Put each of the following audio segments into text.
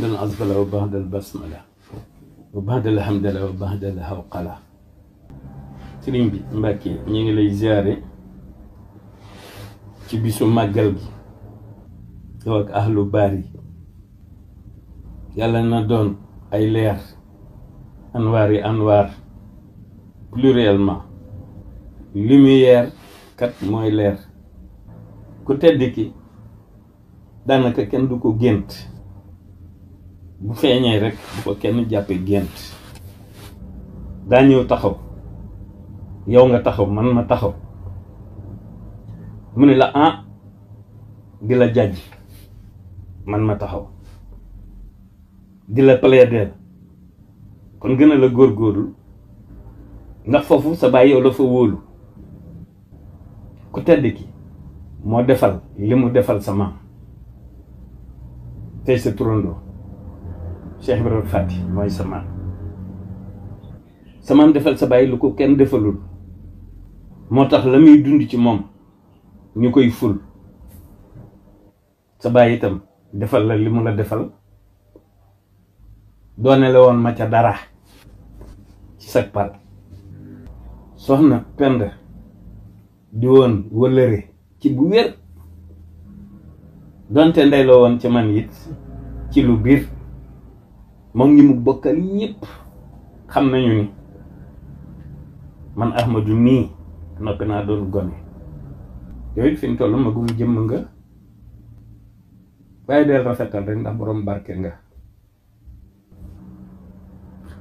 ba العزبلة وبعد البسملة وبعد الحمدلة وبعد الهوقلة sëriñ bi Mbàkke ñu ngi lay gere ci bisu màggal gi yow ak ahlu baari yàlla na doon ay leer anwaar yi anwaar pluriellement lumière kat mooy leer ku tedd ki daanaka kenn du ko gént bu feeñee rek bu ko kenn jàppee gént daa ñëw taxaw yow nga taxaw man ma taxaw mu ne la ah di la jàjj man ma taxaw di la plaider kon gën a la góorgóorlu ndax foofu sa bàyyi yow la fa wóolu ku tedd ki moo defal li mu defal sa maam tey sa turandoo Cheikh Ibrahima Fati mooy sa maam sa maam defal sa bàyyi lu ko kenn defalul moo tax la muy dund ci moom ñu koy ful sa bàyyi itam defal la li mu la defal doone woon ma ca dara ci sag pal soxna pend di woon wëllëre ci bu wér donte ndey woon ci man it ci lu biir moom ñi mu bokkal ñepp xam nañu ni man ahmadu mii noppi naa doon gone yooyu fi ñu toll magum jëm nga waaye del rafetal rek ndax borom barke nga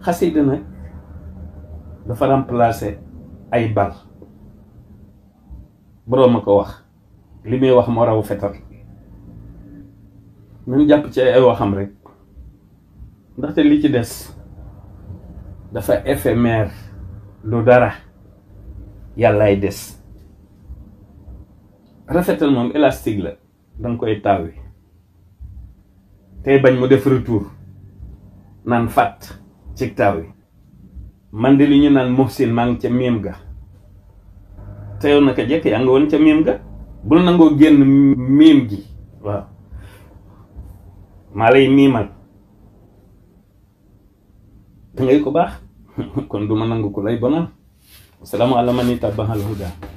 xasida nag dafa remplacer ay bal borom ko wax limay wax mo raw fetal ñu japp ci ay waxam rek ndaxte li ci des dafa éphémère lu dara yàllaay des rafetal moom élastique la danga koy taawi tey bañ mu def retour naan fàtt ci taawi man de li ñu naan Muhsin maa ca miim ga te yow ko jekk yaa nga woon ca miim ga bul nangoo génn miim gi waaw maa lay miimal da ngay ko baax kon du ma nangu ko lay bonal salaamu ala man ittabaal huda